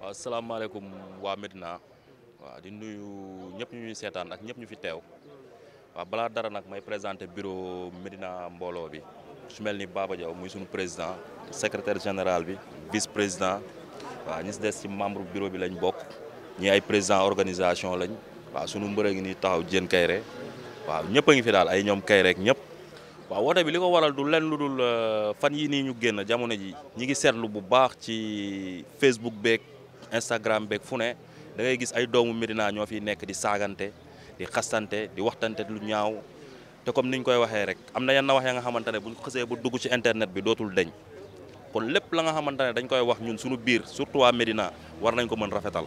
waaw salaamaaleykum waa Medina waaw di nuyu ñëpp ñu ñuy seetaan ak ñëpp ñu fi teew waaw balaa dara nag may présenter bureau Medina mbooloo bi su mel ni Baba Diaw muy suñu président secretaire général bi vice président waaw ñi si des ci membre bureau bi lañ bokk ñi ay président organisation lañ waaw suñu mbër ngi nii taxaw Diène Kayré waaw ñëpp a ngi fi daal ay ñoom Kayré ak ñëpp. waaw woote bi li ko waral du lenn lu dul euh, fan yi nii ñu génn jamono ji ñi ngi seetlu bu baax ci Facebook beeg Instagram beeg fu ne da ngay gis ay doomu Médina ñoo fiy nekk di saagante di xastante di waxtante lu ñaaw te comme ni ñu koy waxee rek am na yenn wax ya nga xamante ne buñ ko bu dugg ci internet bi dootul deñ kon lépp la nga xamante ne dañ koy wax ñun suñu biir surtout waa Médina war nañ ko mën rafetal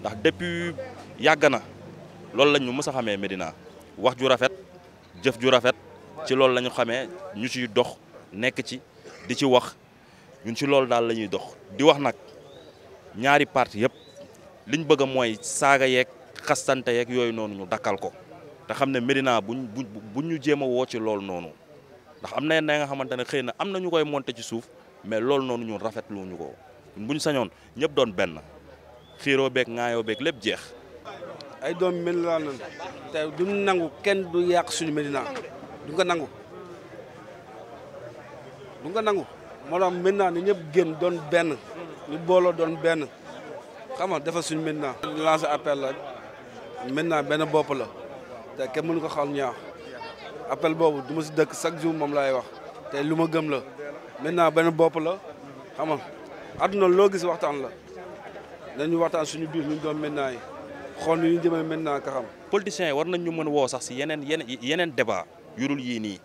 ndax depuis yàgg na loolu lañ ñu mës a xamee Médina wax ju rafet jëf ju rafet. ci loolu la ñu xamee ñu ciy dox nekk ci di ci wax ñun ci loolu daal la ñuy dox di wax nag ñaari parti yëpp liñ bëgg mooy saaga yeeg xastante yeeg yooyu noonu ñu dakkal ko te xam ne Médina buñ buñ ñu jéem a woo ci lool noonu ndax am na na nga xamante ne xëy na am na ñu koy monter ci suuf mais loolu noonu ñun lu ñu ko buñ sañoon ñëpp doon benn xiiroo beeg ŋaayoo beeg lépp jeex. ay doom Médina lañ tey duñ nangu kenn du yàq suñu Médina. duñ ko nangu duñ ko nangu moo tax maintenant ni ñëpp génn doon benn ñu booloo doon benn xam nga dafa suñ maintenant lancé appel la maintenant benn bopp la te kenn mënu ko xal ñaar appel boobu duma si dëkk chaque jour moom laay wax te lu ma gëm la maintenant benn bopp la xam nga àdduna loo gis waxtaan la dañu waxtaan suñu biir ñu doon maintenant yi xool nu ñu jëmee maintenant ka xam politiciens war nañ ñu mën woo sax si yeneen yeneen yeneen débat yudul yii nii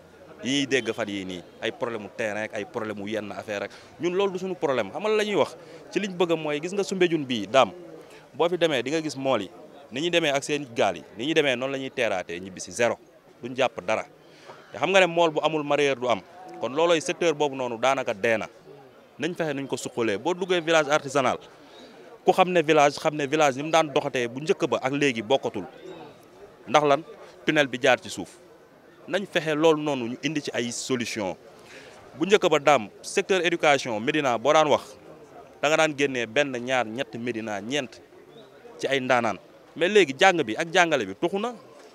yii ñuy dégg fan yii nii ay problème mu terrain ay problème mu yenn affaire ak ñun loolu du suñu problème xamal la ñuy wax ci liñ bëgg mooy gis nga Soumbédioune bii daam boo fi demee di nga gis mool yi ni ñuy demee ak seen gaal yi ni ñu demee noonu la ñuy teeraatee ñibbi si zéro duñ jàpp dara te xam nga ne mool bu amul mareyeur du am kon loolooy secteur boobu noonu daanaka dee na nañ fexe nuñ ko suqalee boo duggee village artisanal ku xam ne village xam ne village ni mu daan doxatee bu njëkk ba ak léegi bokkatul ndax lan tunnel bi jaar ci suuf nañ fexe loolu noonu ñu indi ci ay solution bu njëkk ba daam secteur éducation Médina boo daan wax da nga daan génnee benn ñaar ñett Médina ñeent ci ay ndaanaan mais léegi jàng bi ak jàngale bi tuxu na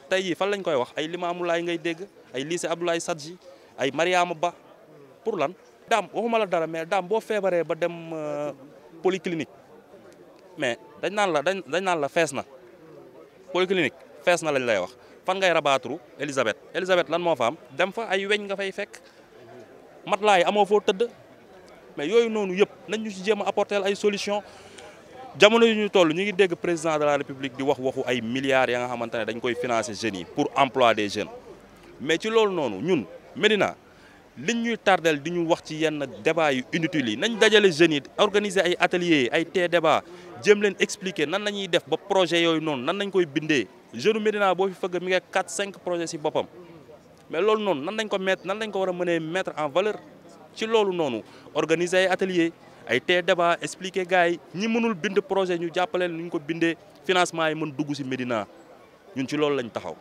tey fan lañ koy wax ay Limamou Laye ngay dégg ay lycée Abdoulaye Sadji ay Mariama Ba pour lan daam waxuma la dara mais daam boo feebaree ba dem euh, polyclinique mais dañ naan la dañ dañ naan la fees na polyclinique fees na lañ lay wax fan ngay rabaatru Elisabeth Elisabeth lan moo fa am dem fa ay weñ nga fay fekk matelas yi amoo foo tëdd mais yooyu noonu yëpp nañ ñu si jéem a apporter ay solution jamono yu ñu toll ñu ngi dégg président de la république di wax waxu ay milliards ya nga xamante ne dañ koy financer jeunes yi pour emploi des jeunes mais ci loolu noonu ñun Médina liñ ñuy tardel di ñu wax ci yenn débat yu inutile yi nañ dajale jeunes yi organiser ay ateliers ay té débat jéem leen expliquer nan la ñuy def ba projet yooyu noonu nan lañ koy bindee jeune Médina boo fi fëgg mi ngi quatre cinq projets si boppam mais loolu noonu nan lañ ko mettre nan lañ ko war a mënee mettre en valeur ci loolu noonu organiser ay atelier ay tee débat expliquer gars yi ñi mënul bind projet ñu jàppale nu ñu ko bindee financement yi mën dugg si Médina ñun ci loolu lañ taxaw.